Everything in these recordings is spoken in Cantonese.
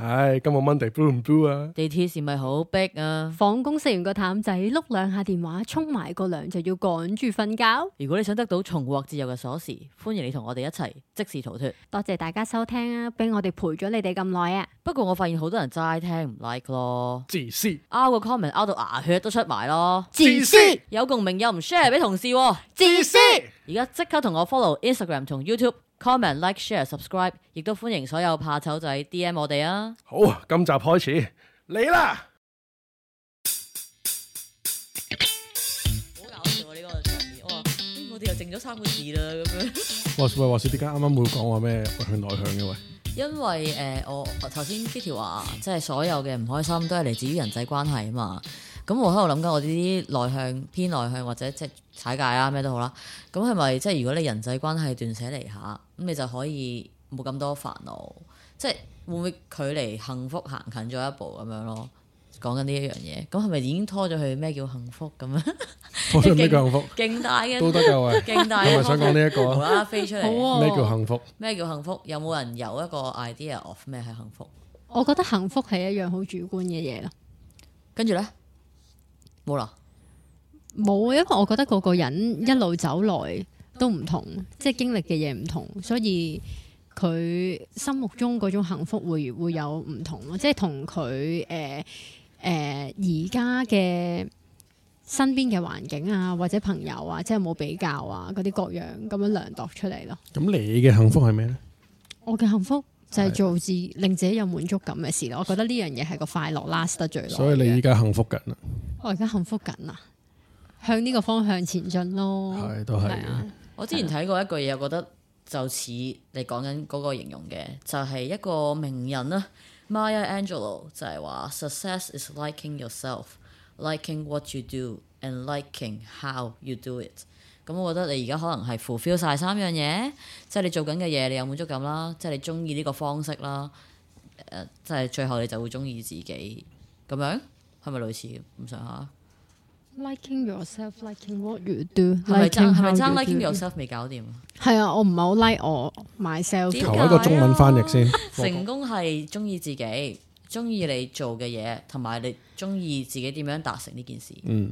唉、哎，今日 Monday blue 唔 blue 啊？地鐵係咪好逼啊？放工食完個淡仔，碌兩下電話，沖埋個涼就要趕住瞓覺。如果你想得到重獲自由嘅鎖匙，歡迎你同我哋一齊即時逃脫。多謝大家收聽啊，俾我哋陪咗你哋咁耐啊！不過我發現好多人齋聽唔 like 咯，自私。拗個 comment 拗到牙血都出埋咯，自私。有共鳴又唔 share 俾 同事，自私。而家即刻同我 follow Instagram 同 YouTube。Comment、Like、Share、Subscribe，亦都歡迎所有怕醜仔 DM 我哋啊！好，今集開始嚟啦！好搞笑啊！呢、這個場面、嗯，我話我哋又淨咗三個字啦，咁樣。喂喂，話說點解啱啱冇講話咩外向內向嘅喂？因為誒、呃，我頭先 Kitty 話，即係、就是、所有嘅唔開心都係嚟自於人際關係啊嘛。咁我喺度諗緊我呢啲內向、偏內向或者即係踩界啊，咩都好啦。咁係咪即係如果你人際關係斷捨離下，咁你就可以冇咁多煩惱，即係會唔會距離幸福行近咗一步咁樣咯？講緊呢一樣嘢，咁係咪已經拖咗去咩叫幸福咁啊？拖咗咩叫幸福？勁大嘅都得㗎啊！勁大。係咪想講呢一個啊，飛出嚟。咩叫幸福？咩叫幸福？有冇人有一個 idea of 咩係幸福？我覺得幸福係一樣好主觀嘅嘢咯。跟住咧。冇啦，冇啊！因為我覺得個個人一路走來都唔同，即係經歷嘅嘢唔同，所以佢心目中嗰種幸福會會有唔同咯。即係同佢誒誒而家嘅身邊嘅環境啊，或者朋友啊，即係冇比較啊，嗰啲各樣咁樣量度出嚟咯。咁你嘅幸福係咩咧？我嘅幸福就係做自令自己有滿足感嘅事咯。的我覺得呢樣嘢係個快樂 last 得最耐。所以你而家幸福緊。我而家幸福緊啊，向呢個方向前進咯。係，都係啊。我之前睇過一句嘢，我覺得就似你講緊嗰個形容嘅，就係、是、一個名人啦 Maya Angelou 就係話：Success is liking yourself, liking what you do and liking how you do it。咁我覺得你而家可能係 fulfill 晒三樣嘢，即係你做緊嘅嘢，你有滿足感啦；，即、就、係、是、你中意呢個方式啦；，即、就、係、是、最後你就會中意自己咁樣。係咪類似嘅？咁上下 liking yourself, liking what you do，係咪爭？係咪爭 liking yourself 未搞掂啊？係啊，我唔係好 like 我 myself。何求一個中文翻譯先。 成功係中意自己，中意你做嘅嘢，同埋你中意自己點樣達成呢件事。嗯。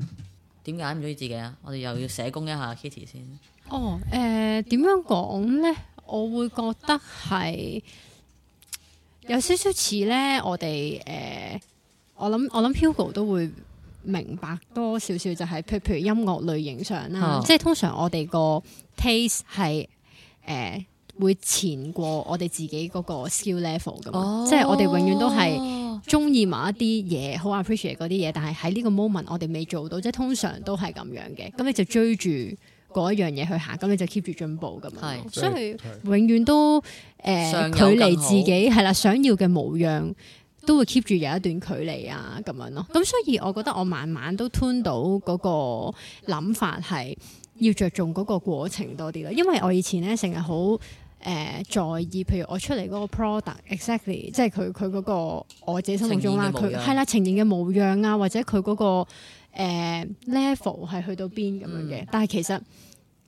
點解唔中意自己啊？我哋又要社工一下 Kitty 先。哦，誒、呃，點樣講咧？我會覺得係有少少似咧，我哋誒。我諗我諗 Hugo 都會明白多少少，就係、是、譬如音樂類型上啦，啊、即係通常我哋個 taste 係誒、呃、會前過我哋自己嗰個 skill level 咁、哦。即係我哋永遠都係中意某一啲嘢，好 appreciate 嗰啲嘢，但係喺呢個 moment 我哋未做到，即係通常都係咁樣嘅。咁、嗯、你就追住嗰一樣嘢去行，咁你就 keep 住進步咁樣，是所以佢是永遠都誒、呃、距離自己係啦想要嘅模樣。都會 keep 住有一段距離啊，咁樣咯。咁、嗯、所以我覺得我慢慢都 turn 到嗰個諗法係要着重嗰個過程多啲咯。因為我以前咧成日好誒在意，譬如我出嚟嗰個 product exactly，即係佢佢嗰個我自己心目中啦，佢係啦呈現嘅模、呃、模樣啊，或者佢嗰、嗰個、呃、level 係去到邊咁樣嘅。但係其實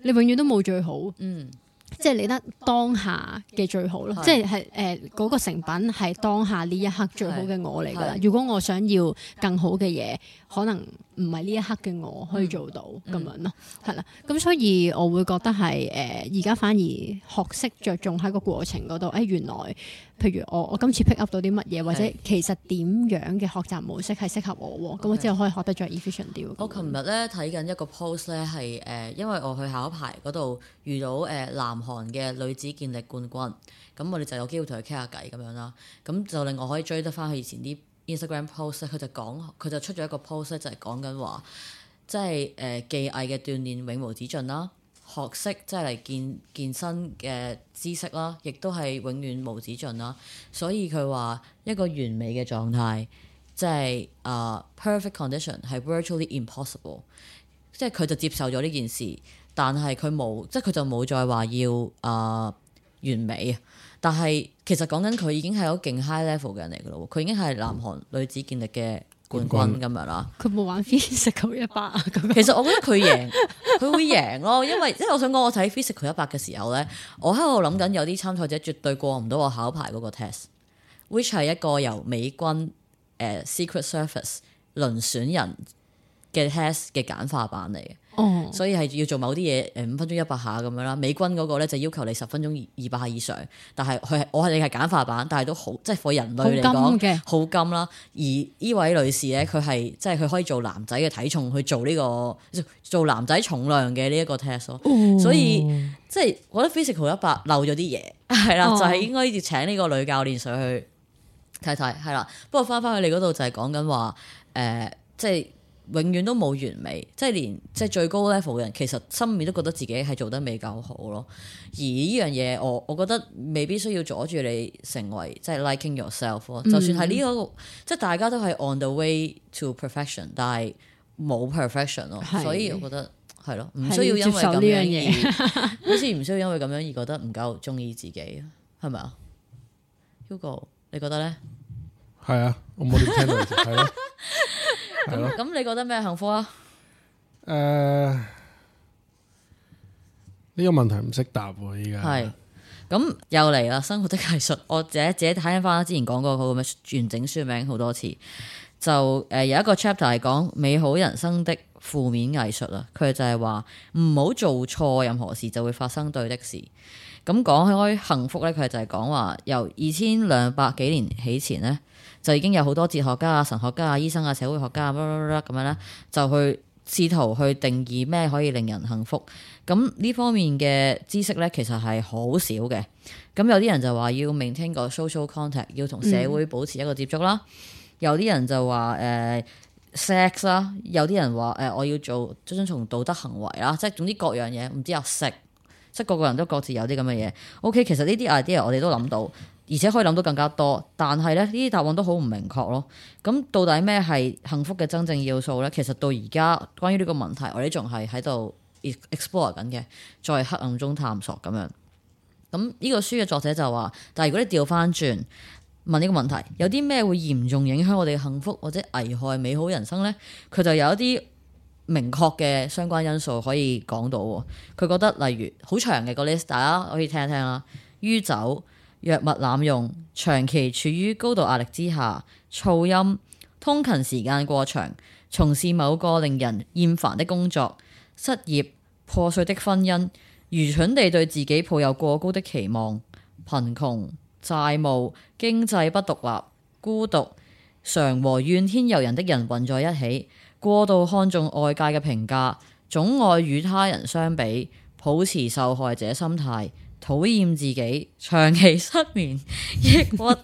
你永遠都冇最好。嗯。即係你得當下嘅最好咯，的即係係誒嗰個成品係當下呢一刻最好嘅我嚟㗎啦。如果我想要更好嘅嘢，可能唔係呢一刻嘅我可以做到咁、嗯嗯、樣咯，係啦。咁所以我會覺得係誒而家反而學識着重喺個過程嗰度，誒原來譬如我我今次 pick up 到啲乜嘢，或者其實點樣嘅學習模式係適合我喎，咁、嗯嗯、我之後可以學得、嗯、着 efficient 啲。我琴日咧睇緊一個 post 咧係誒，因為我去考牌嗰度遇到誒、呃、南韓嘅女子健力冠軍，咁我哋就有機會同佢傾下偈咁樣啦。咁就令我可以追得翻佢以前啲 Instagram post 佢就講，佢就出咗一個 post 就係講緊話，即係誒、呃、技藝嘅鍛煉永無止盡啦，學識即係嚟健健身嘅知識啦，亦都係永遠無止盡啦。所以佢話一個完美嘅狀態，即係啊 perfect condition 係 virtually impossible。即係佢就接受咗呢件事，但係佢冇，即係佢就冇再話要啊、呃、完美。但係其實講緊佢已經係好勁 high level 嘅人嚟嘅咯，佢已經係南韓女子健力嘅冠軍咁、嗯嗯、樣啦。佢冇玩 physical 一百啊！其實我覺得佢贏，佢 會贏咯，因為即係我想講，我睇 physical 一百嘅時候咧，我喺度諗緊有啲參賽者絕對過唔到我考牌嗰個 test，which 係一個由美軍誒、uh, secret Service 遴選人嘅 test 嘅簡化版嚟嘅。嗯、所以係要做某啲嘢，誒、呃、五分鐘一百下咁樣啦。美軍嗰個咧就要求你十分鐘二二百下以上，但係佢我係你係簡化版，但係都好，即係 for 人類嚟講好金啦。而呢位女士咧，佢係即係佢可以做男仔嘅體重去做呢、這個做男仔重量嘅呢一個 test 咯。哦、所以即係我覺得 physical 100, 一百漏咗啲嘢，係啦，哦、就係應該要請呢個女教練上去睇睇，係啦、啦。不過返返去你嗰度就係講緊話誒，即係。永遠都冇完美，即係連即係最高 level 嘅人，其實心面都覺得自己係做得未夠好咯。而呢樣嘢，我我覺得未必需要阻住你成為即係、就是、liking yourself、嗯、就算係呢一個，即係大家都係 on the way to perfection，但係冇 perfection 咯是。所以我覺得係咯，唔需要因為咁樣嘢，好似唔需要因為咁樣而覺得唔夠鍾意自己，係咪啊？Hugo，你覺得呢？係啊，我冇聽到係咯。 咁你覺得咩幸福啊？誒、呃，呢、這個問題唔識答喎、啊，依家係咁又嚟啦。生活的藝術，我自己自己睇返之前講過好嘅完整書名好多次，就誒有一個 chapter 係講美好人生的負面藝術啊。佢就係話唔好做錯任何事，就會發生對的事。咁講開幸福咧，佢就係講話由二千兩百幾年起前咧，就已經有好多哲學家啊、神學家啊、醫生啊、社會學家啊，咁樣咧就去試圖去定義咩可以令人幸福。咁呢方面嘅知識咧，其實係好少嘅。咁有啲人就話要 maintain 個 social contact，要同社會保持一個接觸啦、嗯呃。有啲人就話誒 sex 啦，有啲人話誒我要做遵從道德行為啦。即係總之各樣嘢，唔知又、啊、食。即係個個人都各自有啲咁嘅嘢。OK，其實呢啲 idea 我哋都諗到。而且可以諗到更加多，但係咧呢啲答案都好唔明確咯。咁、嗯、到底咩係幸福嘅真正要素呢？其實到而家關於呢個問題，我哋仲係喺度 explore 緊嘅，在黑暗中探索咁樣。咁、嗯、呢、呢個書嘅作者就話，但係如果你調翻轉問呢個問題，有啲咩會嚴重影響我哋嘅幸福或者危害美好人生呢？佢就有一啲明確嘅相關因素可以講到。佢覺得例如好長嘅、個 list，大家可以聽一聽啦。於走。藥物濫用、長期處於高度壓力之下、噪音、通勤時間過長、從事某個令人厭煩的工作、失業、破碎的婚姻、愚蠢地對自己抱有過高的期望、貧窮、債務、經濟不獨立、孤獨、常和怨天尤人的人混在一起、過度看重外界嘅評價、總愛與他人相比、抱持受害者心態。討厭自己，長期失眠、抑鬱、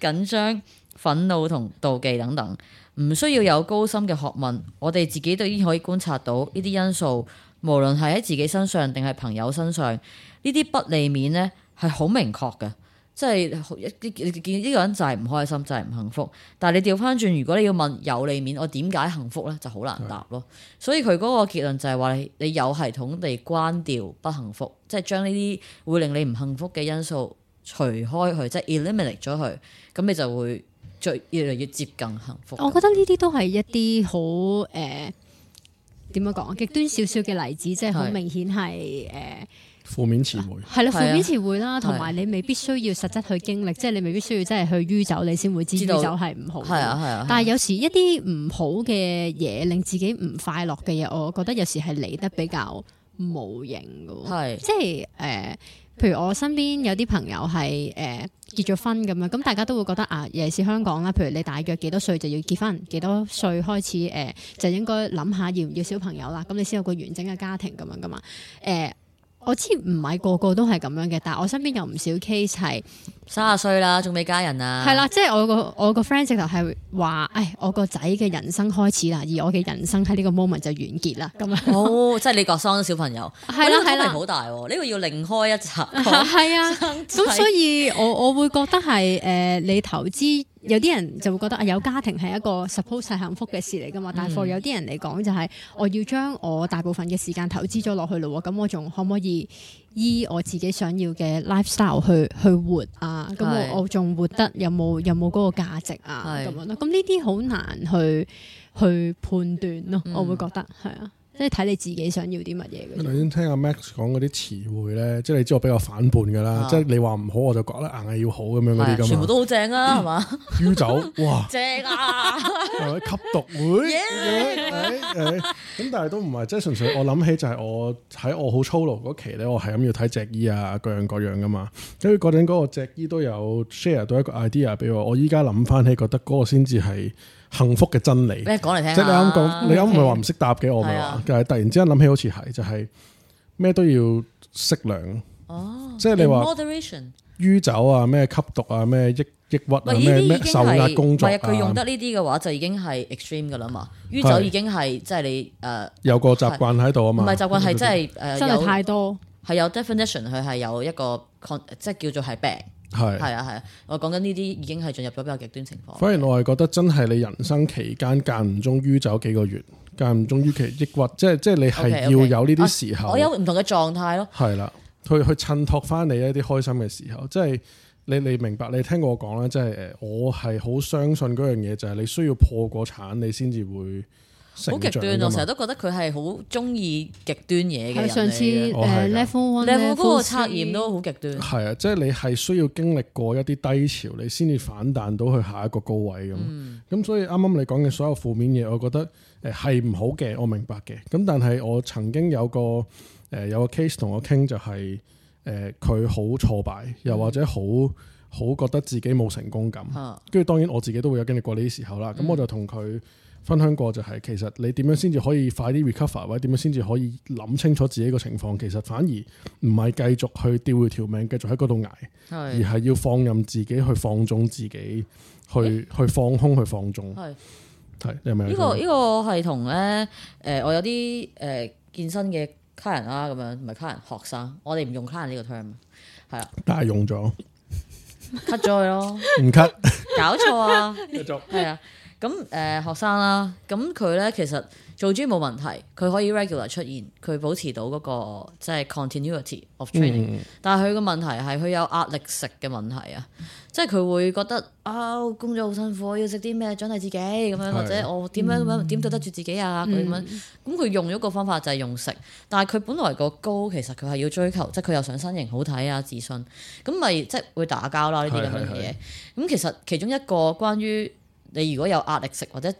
緊張、憤怒同妒忌等等，唔需要有高深嘅學問，我哋自己都已經可以觀察到呢啲因素，無論係喺自己身上定係朋友身上，呢啲不利面呢，係好明確嘅。即係一見呢個人就係唔開心就係、是、唔幸福，但係你調翻轉，如果你要問有利面，我點解幸福咧，就好難答咯。是的 所以佢嗰個結論就係話你有系統地關掉不幸福，即係將呢啲會令你唔幸福嘅因素除開佢，即係 eliminate 咗佢，咁你就會最越嚟越接近幸福。我覺得呢啲都係一啲好誒，呃、樣極點樣講極端少少嘅例子，即係好明顯係誒。負面詞彙係啦，負面詞彙啦，同埋的你未必需要實質去經歷，的即係你未必需要真係去於走酗酒，你先會知道酒係唔好。係啊，係啊。但係有時一啲唔好嘅嘢，令自己唔快樂嘅嘢，我覺得有時係嚟得比較無形噶。的即係誒、呃，譬如我身邊有啲朋友係誒、呃、結咗婚咁樣，咁大家都會覺得啊、呃，尤其是香港啦，譬如你大約幾多歲就要結婚，幾多歲開始誒、呃、就應該諗下要唔要小朋友啦，咁你先有個完整嘅家庭咁樣噶嘛，誒、呃。呃呃我之前唔係個個都係咁樣嘅，但係我身邊有唔少 case 係三十歲啦，仲未嫁人啊。係啦，即係我個我個 friend 直頭係話，誒，我個仔嘅人生開始啦，而我嘅人生喺呢個 moment 就完結啦。咁樣，哦，好 即係你個生小朋友，係啦係啦，好大呢個要另開一層。係 啊，咁所以我我會覺得係誒、呃，你投資有啲人就會覺得啊，有家庭係一個 suppose 幸福嘅事嚟噶嘛，但係 for 有啲人嚟講就係我要將我大部分嘅時間投資咗落去咯，咁我仲可唔可以？依我自己想要嘅 lifestyle 去去活啊，咁我我仲活得有冇有冇嗰個價值啊？咁是的 樣咯，咁呢啲好難去去判斷咯、啊，我會覺得係、嗯、啊。即係睇你自己想要啲乜嘢嘅。頭先聽阿 Max 講嗰啲詞彙咧，即係你知我比較反叛噶啦。即係、啊、你話唔好，我就覺得硬係要好咁樣嗰啲噶嘛。全部都好正啊，係嘛？U 酒，哇！正啊，係咪吸毒會？咁但係都唔係，即係純粹我諗起就係我喺我好粗魯嗰期咧，我係咁要睇只衣啊，各樣各樣噶嘛。因為嗰陣嗰個只衣都有 share 到一個 idea，畀我。我依家諗翻起覺得嗰個先至係。幸福嘅真理，講嚟聽即係你啱講，你啱唔係話唔識答嘅，我咪係話，但係突然之間諗起好似係，就係咩都要適量。哦，即係你話，in moderation，酗酒啊，咩吸毒啊，咩抑抑鬱啊，咩受壓工作，唔係佢用得呢啲嘅話，就已經係 extreme 噶啦嘛。酗酒已經係即係你誒，有個習慣喺度啊嘛，唔係習慣係真係誒，真係太多，係有 definition 佢係有一個即係叫做係病。係，係啊，係啊！我講緊呢啲已經係進入咗比較極端情況。反而我係覺得真係你人生期間間唔中於走幾個月，間唔中於其抑鬱，即係即係你係要有呢啲時候。Okay, okay. 哎，我有唔同嘅狀態咯。係啦，啊，去去襯托翻你一啲開心嘅時候，即係你你明白你聽過我講啦，即係誒，我係好相信嗰樣嘢就係你需要破過產，你先至會。好極端，我成日都覺得佢係好中意極端嘢嘅人嚟嘅。上次哦，係啦。Level o 個測驗都好極端。係啊，即、就、係、是、你係需要經歷過一啲低潮，你先至反彈到去下一個高位咁。咁、嗯、所以啱啱你講嘅所有負面嘢，我覺得誒係唔好嘅，我明白嘅。咁但係我曾經有個誒有個 case 同我傾、就是，就係誒佢好挫敗，又或者好好覺得自己冇成功感。跟住、嗯、當然我自己都會有經歷過呢啲時候啦。咁我就同佢。分享過就係、是、其實你點樣先至可以快啲 recover，或者點樣先至可以諗清楚自己個情況，其實反而唔係繼續去吊佢條命，繼續喺嗰度捱，是而係要放任自己去放縱自己，去去放空去放縱。係係、欸、有冇呢、呢個呢、呢個係同咧誒我有啲誒健身嘅 client，啦，咁樣唔係 client i 學生，我哋唔用 client 呢個 term，係啊，但係用咗 cut 咗佢咯，唔 cut 割搞錯啊， 繼續係啊。咁誒、呃、學生啦、啊，咁佢咧其實做 gym 冇問題，佢可以 regular 出現，佢保持到嗰、那個即係 continuity of training、嗯。但係佢個問題係佢有壓力食嘅問題啊，嗯、即係佢會覺得啊、哦，工作好辛苦，要食啲咩獎勵自己咁樣，的或者我點樣點對、嗯、得住自己啊？佢咁樣咁佢用咗個方法就係用食，但係佢本來個高其實佢係要追求，即係佢又想身形好睇啊、自信，咁咪即係會打交啦呢啲咁樣嘅嘢。咁的其實其中一個關於你如果有壓力食或者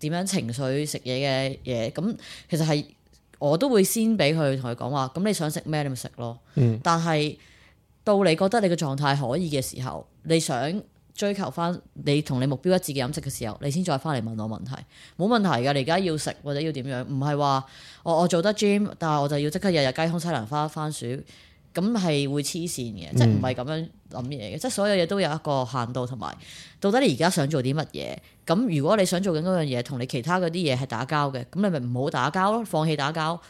點樣情緒食嘢嘅嘢，咁其實係我都會先俾佢同佢講話，咁你想食咩，你咪食咯。嗯，但係到你覺得你嘅狀態可以嘅時候，你想追求翻你同你目標一致嘅飲食嘅時候，你先再翻嚟問我問題。冇問題㗎。你而家要食或者要點樣，唔係話我我做得 gym，但係我就要即刻日日雞胸西蘭花番薯。咁係會黐線嘅，即係唔係咁樣諗嘢嘅，即係、嗯、所有嘢都有一個限度同埋，到底你而家想做啲乜嘢？咁如果你想做緊嗰樣嘢，同你其他嗰啲嘢係打交嘅，咁你咪唔好打交咯，放棄打交，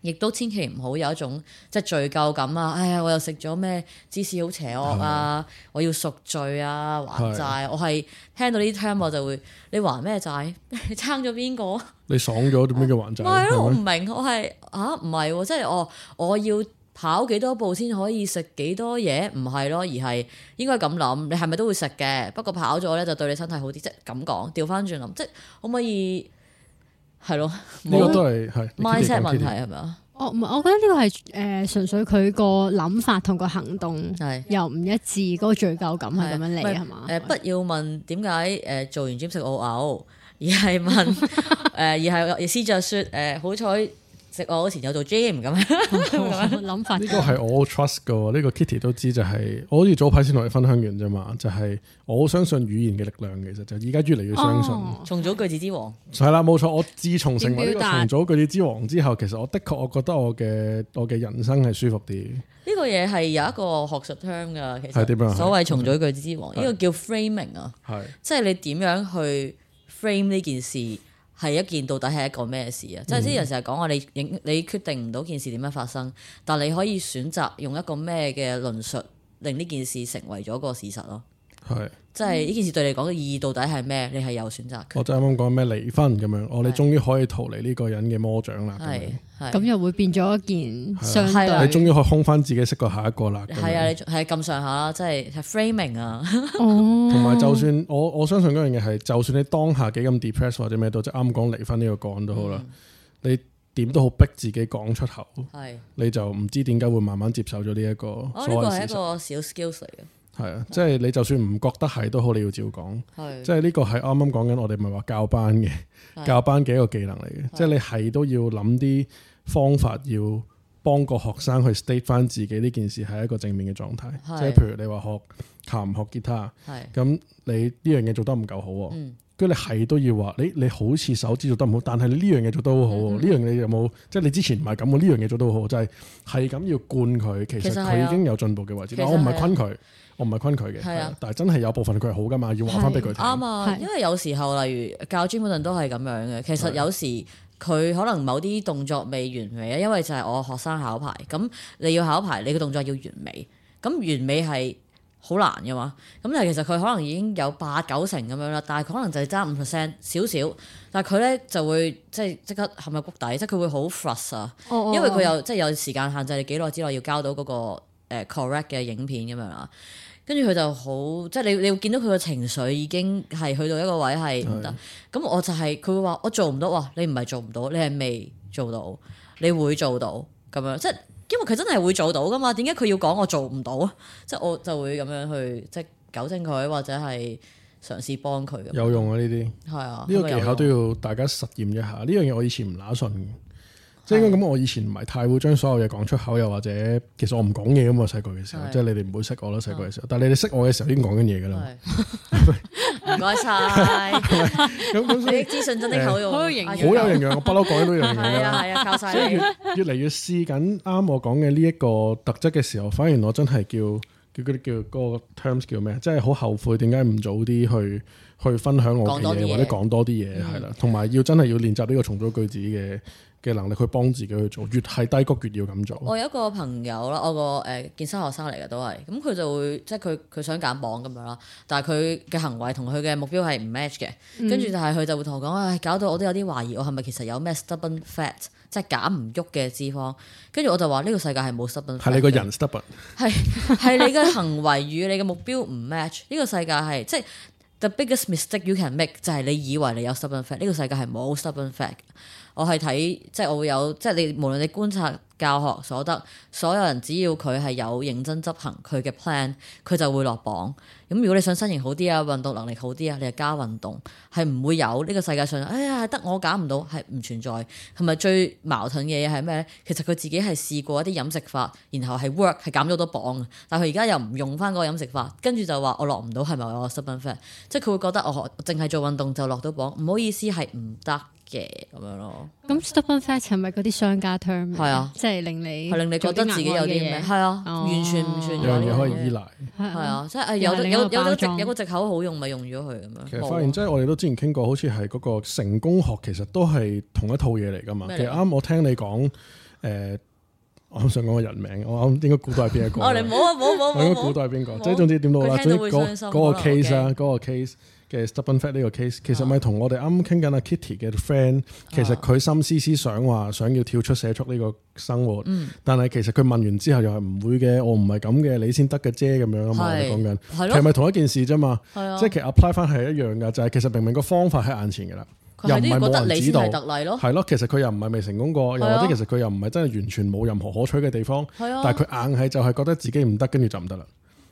亦都千祈唔好有一種即係罪疚感啊！哎呀，我又食咗咩？芝士好邪惡啊！我要贖罪啊，還債。的我係聽到呢啲 tell 我就會，你還咩債？你撐咗邊個？你爽咗點樣叫還債？唔係咯，我唔明，我係啊，唔係，即係我我要。啊 跑幾多步先可以食幾多嘢？唔係咯，而係應該咁諗。你係咪都會食嘅？不過跑咗咧就對你身體好啲啫。咁講，調翻轉諗，即係可唔可以係咯？呢個都係 mindset 問題係咪啊？我唔，我覺得呢個係誒、呃、純粹佢個諗法同個行動係又唔一致，嗰、那個罪疚感係咁樣嚟係嘛？誒不，嗎、呃、不要問點解誒做完 gym 食澳牛，而係問誒 而係意思就係說誒好彩。我以前有做 gym 咁諗法，呢、 呢個係我 trust 嘅。呢個 Kitty 都知就係、是，我好似早排先同你分享完啫嘛。就係、是、我相信語言嘅力量，其實就而家越嚟越相信、哦。重組句子之王，係啦冇錯。我自從成為、呢個、重組句子之王之後，其實我的確我覺得我嘅我嘅人生係舒服啲。呢個嘢係有一個學術 term 㗎，其實點樣所謂重組句子之王，呢、嗯、個叫 framing 啊是，係是即係你點樣去 frame 呢件事。係一件到底係一個咩事啊？嗯、即係啲人成日講話你影你決定唔到件事點樣發生，但你可以選擇用一個咩嘅論述，令呢件事成為咗個事實咯。係，是即係呢件事對你講嘅意義到底係咩？你係有選擇嘅。我即啱啱講咩離婚咁樣，我是、哦、你終於可以逃離呢個人嘅魔掌啦。係是，咁又會變咗一件你終於可以空翻自己識過下一個啦。係啊，你係咁上下啦，即係 framing 啊。同埋，哦，就算我我相信嗰樣嘢係，就算你當下幾咁 depressed 或者咩都，即啱講離婚呢個講都好啦，嗯、你點都好逼自己講出口。是你就唔知點解會慢慢接受咗呢一個所。呢個係一個小 skill 嚟嘅。係啊，即係你就算唔覺得係都好，你要照講。是即係呢個係啱啱講緊，我哋咪話教班嘅，是教班嘅一個技能嚟嘅。是即係你係都要諗啲方法，要幫個學生去 state 翻，自己呢件事係一個正面嘅狀態。是即係譬如你話學琴學吉他，咁是你呢樣嘢做得唔夠好，跟住，嗯、你係都要話你你好似手指做得唔好，但係你呢樣嘢做得好，呢樣嘢有冇即係你之前唔係咁，我呢樣嘢做得好，就係係咁要灌佢，其實佢已經有進步嘅位置，但我唔係昆佢。我唔係昆佢嘅，係啊！但係真係有部分佢係好噶嘛，要話翻俾佢聽。啱啊是，錯因為有時候例如教專門人都係咁樣嘅。其實有時佢、啊、可能某啲動作未完美啊，因為就係我學生考牌。咁你要考牌，你嘅動作要完美。咁完美係好難嘅嘛。咁但係其實佢可能已經有八九成咁樣啦，但係可能就係爭五 percent 少少。但係佢咧就會即係即刻陷入谷底，即係佢會好 frust 啊、哦哦。因為佢有即係、就是、有時間限制，你幾耐之內要交到嗰個 correct 嘅影片咁樣啦。跟住佢就好，即係你你會見到佢嘅情緒已經係去到一個位係唔得，咁是的 我就係、是、佢會話我做唔到，哇！你唔係做唔到，你係未做到，你會做到咁樣，即係因為佢真係會做到噶嘛，點解佢要講我做唔到？即係我就會咁樣去即係糾正佢或者係嘗試幫佢。有用啊呢啲，係啊，呢、啊、個技巧都要大家實驗一下。呢樣嘢我以前唔拿信。即係咁，我以前唔係太會將所有嘢講出口，又或者其實我唔講嘢咁我細個嘅時候，即係你哋唔會識我啦，細個嘅時候。但係你哋識我嘅時候已經講緊嘢噶啦。唔該晒。咁咁啲資訊真的好有用，好、 欸、有營養，我不嬲講呢樣嘢。係啊 靠晒越嚟越試緊啱我講嘅呢一個特質嘅時候，反而我真係叫叫嗰啲叫，叫、嗰個 terms 叫咩？真係好後悔，點解唔早啲去？去分享我嘅嘢或者講多啲嘢係啦，同埋、嗯、要真係要練習呢個重組句子嘅嘅能力，去幫自己去做，越係低谷越要咁做。我有一個朋友啦，我個誒健身學生嚟嘅都係，咁、嗯、佢就會即係佢佢想減磅咁樣啦，但係佢嘅行為同佢嘅目標係唔 match 嘅，跟住就係佢就會同我講，唉、哎，搞到我都有啲懷疑，我係咪其實有咩 stubborn fat，即係減唔喐嘅脂肪？跟住我就話呢、這個世界係冇 stubborn，係你個人 stubborn，係係是 你嘅行為與你嘅目標唔 match，呢個世界係即係。The biggest mistake you can make 就係你以為你有 stubborn fat，呢個世界係冇 stubborn fat 我。我係睇，即係我會有，即係你無論你觀察教學所得，所有人只要佢係有認真執行佢嘅 plan，佢就會落榜。咁如果你想身形好啲啊，運動能力好啲啊，你就加運動，係唔會有呢個世界上，哎呀，得我減唔到，係唔存在。係咪最矛盾嘅嘢係咩咧？其實佢自己係試過一啲飲食法，然後係 work 係減咗好多磅，但佢而家又唔用翻嗰個飲食法，跟住就話我落唔到，係咪我，我 stubborn fat？即佢會覺得我學淨係做運動就落到磅。唔好意思係唔得嘅咁樣咯。咁 stubborn fat 係咪嗰啲商家 term？係啊，即係令你係覺得自己有啲咩？係啊，完全唔算可以依賴係啊，即係有有個有個藉口好用，咪用咗佢咁樣。其實發現即係我哋都之前傾過，好似係嗰個成功學，其實都係同一套嘢嚟㗎嘛。其實啱啱我聽你講誒。呃我諗想講個人名，我諗應該估到係邊個？ 我你唔啊，唔好唔好估到係邊個？即係總之點到啦？即係嗰嗰個 case 啊，嗰個 case 嘅 stubborn fat 呢個 case，其實咪同我哋啱啱傾緊阿 Kitty 嘅 friend，其實佢、啊、心思思想話想要跳出社畜呢個生活，嗯、但係其實佢問完之後又係唔會嘅，我唔係咁嘅，你先得嘅啫咁樣啊嘛，講緊係咪同一件事啫嘛？啊、即係其實 apply 翻係一樣噶，就係其實明明個方法喺眼前噶啦。又唔係覺得你先係特例咯。係咯，其實佢又唔係未成功過，的又或者其實佢又唔係真係完全冇任何可取嘅地方。係啊的，但係佢硬係就係覺得自己唔得，跟住就唔得啦，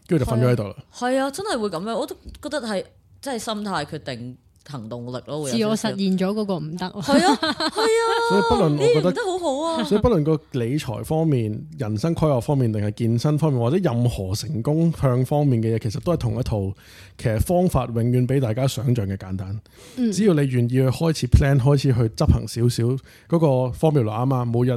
跟住就瞓咗喺度啦。係啊，真係會咁樣，我都覺得係，真係心態決定。行動力咯，會自我實現咗嗰個唔得，係啊係啊，啊 所以不論我覺得都好好啊，所以不論個理財方面、人生規劃方面，定係健身方面，或者任何成功向方面嘅嘢，其實都係同一套，其實方法永遠比大家想像嘅簡單。只要你願意去開始 plan，開始去執行少少嗰個 formula 啊嘛，每日。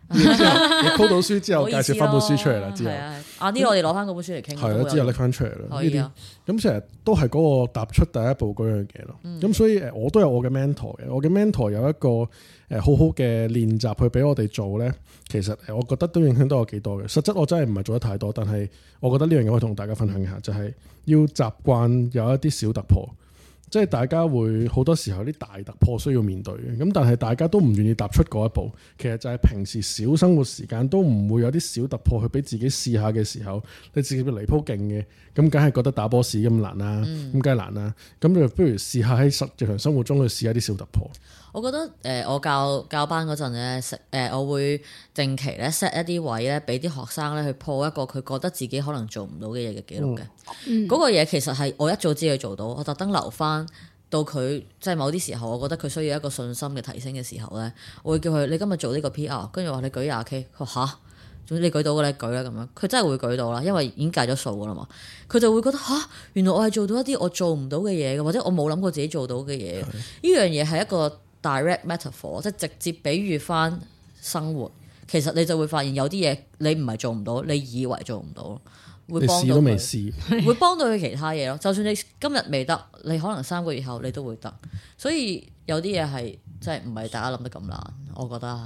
之後，你鋪到書之後，啊、介紹翻本書出嚟啦。之後，阿啲我哋攞翻嗰本書嚟傾。係啊，對之後搦翻出嚟啦。呢啲咁成日都係嗰個踏出第一步嗰樣嘢咯。咁、嗯、所以誒，我都有我嘅 mentor 嘅，我嘅 mentor 有一個誒好好嘅練習去俾我哋做咧。其實我覺得都影響到我幾多嘅。實質我真係唔係做得太多，但係我覺得呢樣嘢可以同大家分享下，就係、是、要習慣有一啲小突破。即係大家會好多時候啲大突破需要面對嘅，咁但係大家都唔願意踏出嗰一步。其實就係平時小生活時間都唔會有啲小突破去俾自己試下嘅時候，你自己嚟鋪勁嘅，咁梗係覺得打 Boss 咁難啦、啊，咁梗係難啦、啊。咁你不如試下喺實日常生活中去試下啲小突破。我覺得誒、呃，我教教班嗰陣咧誒我會定期咧 set 一啲位咧，俾啲學生咧去破一個佢覺得自己可能做唔到嘅嘢嘅記錄嘅。嗰、嗯、個嘢其實係我一早知佢做到，我特登留翻。到佢即係某啲時候，我覺得佢需要一個信心嘅提升嘅時候呢，我會叫佢：你今日做呢個 PR，跟住話你舉廿 K，佢吓，總之你舉到嘅咧，你舉啦咁樣。佢真係會舉到啦，因為已經計咗數噶啦嘛。佢就會覺得吓，原來我係做到一啲我做唔到嘅嘢嘅，或者我冇諗過自己做到嘅嘢。呢的樣嘢係一個 direct metaphor，即係直接比喻翻生活。其實你就會發現有啲嘢你唔係做唔到，你以為做唔到。會試都未試，會幫到佢其他嘢咯。 就算你今日未得，你可能三個月後你都會得。所以有啲嘢係真係唔係大家諗得咁難， 我覺得。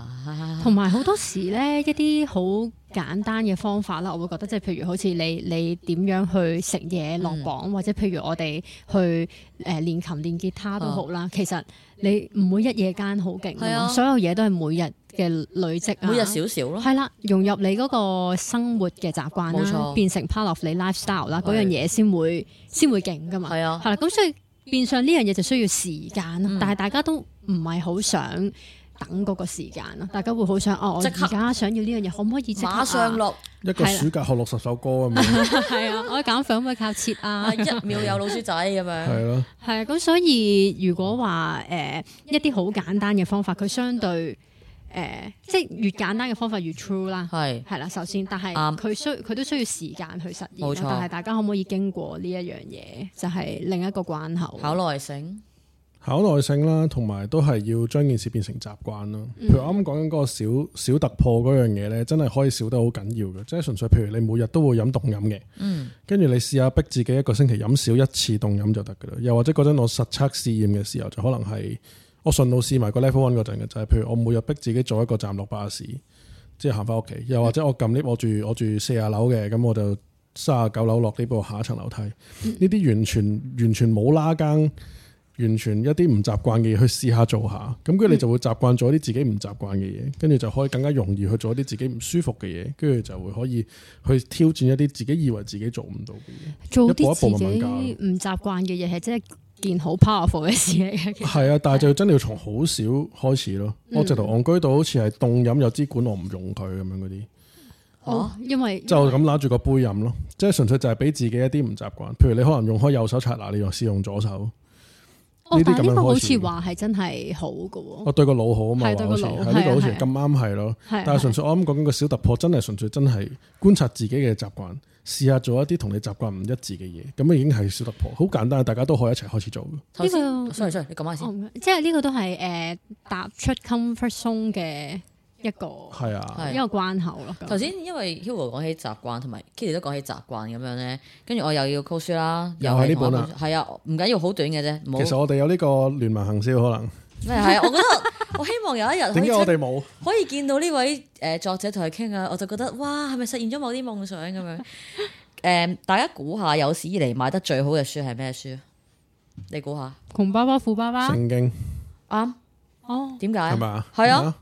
同埋好多時呢，一啲好簡單嘅方法啦，我會覺得即係譬如好似你你點樣去食嘢落磅，嗯、或者譬如我哋去誒、呃、練琴練吉他都好啦。哦、其實你唔會一夜間好勁是、啊、所有嘢都係每日嘅累積啊。每日少少咯。係啦，融入你嗰個生活嘅習慣啦，沒錯 變成 part of 你 lifestyle 啦，嗰樣嘢先會先會勁噶嘛。係是啊。係啦，咁所以變相呢樣嘢就需要時間、嗯、但係大家都唔係好想。等嗰個時間咯，大家會好想哦！我而家想要呢樣嘢，可唔可以即刻、啊？馬上錄一個暑假學六十首歌咁樣。係啊，我減肥可唔可以靠切啊？一秒有老鼠仔咁樣。係咯。係啊，咁所以如果話誒一啲好簡單嘅方法，佢相對誒、呃、即係越簡單嘅方法越 true 啦。係係啦，首先，但係佢需佢、嗯、都需要時間去實現。冇錯。但係大家可唔可以經過呢一樣嘢，就係、是、另一個關口考耐性。考耐性啦，同埋都係要將件事變成習慣啦。嗯、譬如啱啱講緊嗰個小小突破嗰樣嘢咧，真係可以少得好緊要嘅。即係純粹，譬如你每日都會飲凍飲嘅，跟住、嗯、你試下逼自己一個星期飲少一次凍飲就得㗎啦。又或者嗰陣我實測試驗嘅時候，就可能係我順路試埋個 level one 陣嘅，就係、是、譬如我每日逼自己坐一個站落巴士，即係行翻屋企。又或者我撳 lift，我住我住四十樓嘅，咁我就卅九樓落呢部下一層樓梯。呢啲完全、嗯、完全冇拉更。完全一啲唔習慣嘅嘢去試下做下，咁跟住你就會習慣咗啲自己唔習慣嘅嘢，跟住就可以更加容易去做啲自己唔舒服嘅嘢，跟住就會可以去挑戰一啲自己以為自己做唔到嘅嘢，做一啲自己唔習慣嘅嘢係真係件好 powerful 嘅事嚟嘅。係啊，但係就真係要從好少開始咯是。我直頭戇居到好似係凍飲有支管我唔用佢咁樣嗰啲。哦，些因為就咁攞住個杯飲咯，即係純粹就係俾自己一啲唔習慣。譬如你可能用開右手刷牙，你又試用左手。呢啲咁樣、哦、個好似話係真係好噶喎，我、哦、對個腦好啊嘛，係的對個腦，係啊，好似咁啱係咯。的但係純粹的我啱講緊個小突破，真係純粹真係觀察自己嘅習慣，試下做一啲同你習慣唔一致嘅嘢，咁啊已經係小突破，好簡單，大家都可以一齊開始做。呢、這個、先，sorry sorry，你講下先，即係呢個都係誒、呃、踏出 comfort zone 嘅。一個係啊，一個關口咯。頭先因為 Hugo 講起習慣，同埋 Kitty 都講起習慣咁樣咧，跟住我又要購書啦，又係呢本啊，係啊，唔緊要，好短嘅啫。其實我哋有呢個聯盟行銷可能咩？係啊，我覺得我希望有一日點解我哋冇可以見到呢位誒作者同佢傾啊，我就覺得哇，係咪實現咗某啲夢想咁樣？誒，大家估下，有史以來賣得最好嘅書係咩書？你估下？窮爸爸富爸爸聖經啊？哦，點解係嘛？係啊。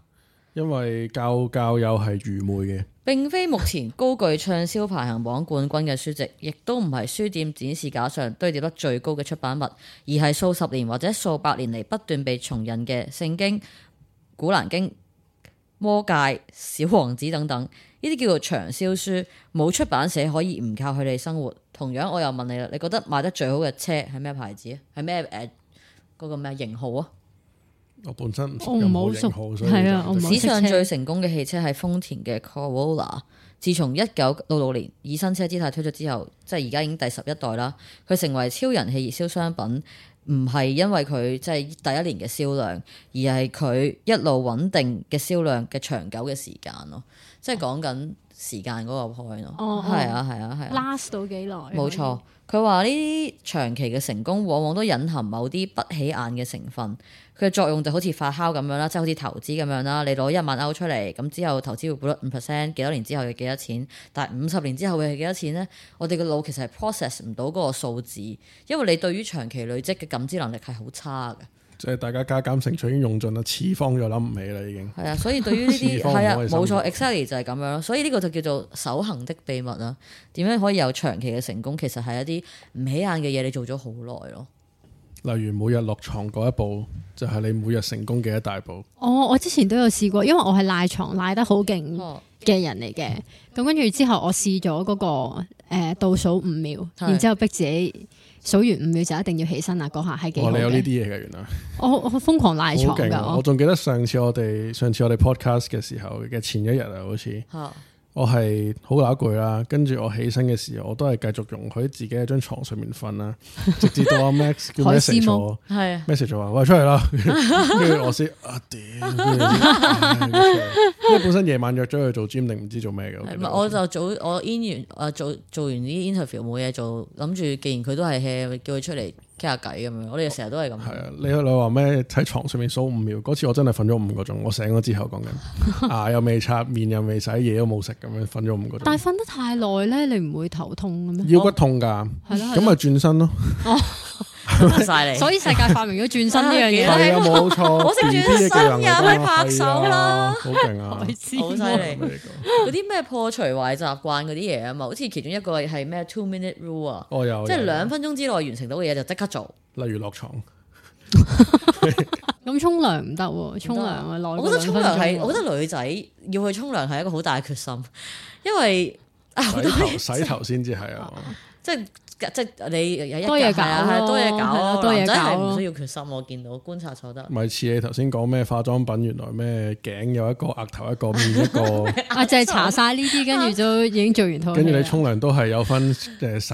因為教教友係愚昧嘅，並非目前高踞暢銷排行榜冠軍嘅書籍，亦 都唔係書店展示架上堆疊得最高嘅出版物，而係數十年或者數百年嚟，不斷被重印嘅《聖經》、《古蘭經》、《魔戒》、《小王子》等等，呢啲叫做長銷書，冇出版社可以唔靠佢哋生活。同樣，我又問你啦，你覺得賣得最好嘅車係咩牌子？係咩誒，嗰個咩型號啊？我本身又冇熟，係、就是、啊！我史上最成功嘅汽車係豐田嘅 Corolla，自從一九六六年以新車姿態推出之後，即係而家已經第十一代啦，佢成為超人氣熱銷商品。唔係因為佢即係第一年嘅銷量，而係佢一路穩定嘅銷量嘅長久嘅時間咯。即係講緊時間嗰個 point 咯。哦，係啊，係啊，係啊。Last 到幾耐？冇錯，佢話呢啲長期嘅成功往往都隱含某啲不起眼嘅成分。佢嘅作用就好似發酵咁樣啦，即係好似投資咁樣啦。你攞一萬歐出嚟咁之後投資會攢五 percent，幾多年之後要幾多錢？但係五十年之後會係幾多錢呢？我哋個腦其實係 process 唔到嗰個數字，因為你對於長期累積嘅。感知能力係好差嘅，即係大家加減乘除已經用盡啦，次方就諗唔起啦，已經係啊。所以對於呢啲係啊，冇錯 exactly 就係咁樣咯。所以呢個就叫做守恆的秘密啦。點樣可以有長期嘅成功？其實係一啲唔起眼嘅嘢，你做咗好耐咯。例如每日落床嗰一步，就係、是、你每日成功嘅一大步。哦，我之前都有試過，因為我係賴床賴得好勁嘅人嚟嘅。咁跟住之後我試、那個，我試咗嗰個誒倒數五秒，然之後逼自己。.數完五秒就一定要起身啦！嗰下係幾？我哋、哦、有呢啲嘢嘅，原來 我我好瘋狂賴床嘅。我仲 記得上次我哋上次我哋 podcast 嘅時候嘅前一日啊，好似。 我係好攬攰啦，跟住我起身嘅時候，我都係繼續容許自己喺張床上面瞓啦，直至到阿 Max 叫 message 咩食咗，message 咗話喂出嚟啦，跟住 我先啊屌、 哎，因為本身夜晚約咗佢做 gym 定唔知做咩嘅，唔係 我，我就早我 in 完啊做做完啲 interview 冇嘢做，諗住既然佢都係 hea 叫佢出嚟。傾下偈咁樣，我哋成日都係咁。係啊，你你話咩？喺床上面數五秒，嗰次我真係瞓咗五個鐘。我醒咗之後講緊啊，又未擦面，又未洗嘢，又冇食咁樣，瞓咗五個鐘。 但係瞓得太耐咧，你唔會頭痛咩？腰骨痛噶，係咯、哦，咁咪轉身咯。 所以世界發明咗轉身呢樣嘢，係啊冇錯，我識轉身又可以拍手啦，好勁啊，好犀利！嗰啲咩破除壞習慣嗰啲嘢啊嘛，好似其中一個係咩 two minute rule 啊，即係兩分鐘之內完成到嘅嘢就即刻做，例如落床，咁沖涼唔得，沖涼啊，我覺得沖涼係，我覺得女仔要去沖涼係一個好大嘅決心，因為洗頭洗頭先至係啊，即係。即係你多嘢搞、啊、多嘢搞咯，真係唔需要決心。我見到觀察錯得，唔係似你頭先講咩化妝品原來咩頸有一個，額頭一個，面一個。我 、啊、就係搽晒呢啲，跟住就已經做完、啊啊啊、跟住你沖涼都係有分洗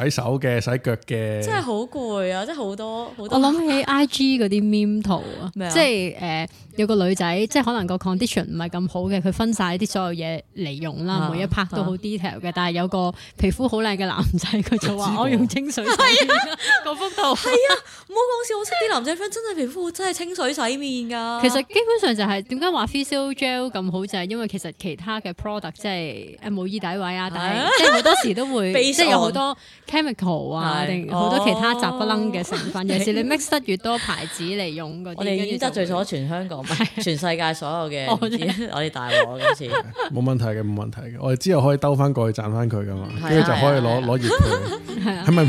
手嘅，洗腳嘅。真係好攰啊！即係好多好多。多我諗起 I G 嗰啲 meme 圖啊，即係誒有個女仔，即、就、係、是、可能個 condition 唔係咁好嘅，佢分晒啲所有嘢嚟用啦，啊啊、每一 part 都好 detail 嘅。但係有個皮膚好靚嘅男仔，佢就話我，我用、這個清水洗面，個風度係啊！唔好講笑，我識啲男仔 friend 真係皮膚真係清水洗面噶。其實基本上就係點解話 facial gel 咁好，就係因為其實其他嘅 product 即係冇耳底位啊，但係即係好多時都會即係有好多 chemical 啊，好多其他雜不楞嘅成分。尤其你 mix 得越多牌子嚟用嗰啲，我哋得罪咗全香港，全世界所有嘅，我哋大鑊嘅，冇問題嘅，冇問題嘅。我哋之後可以兜翻過去賺翻佢噶嘛，跟住就可以攞攞熱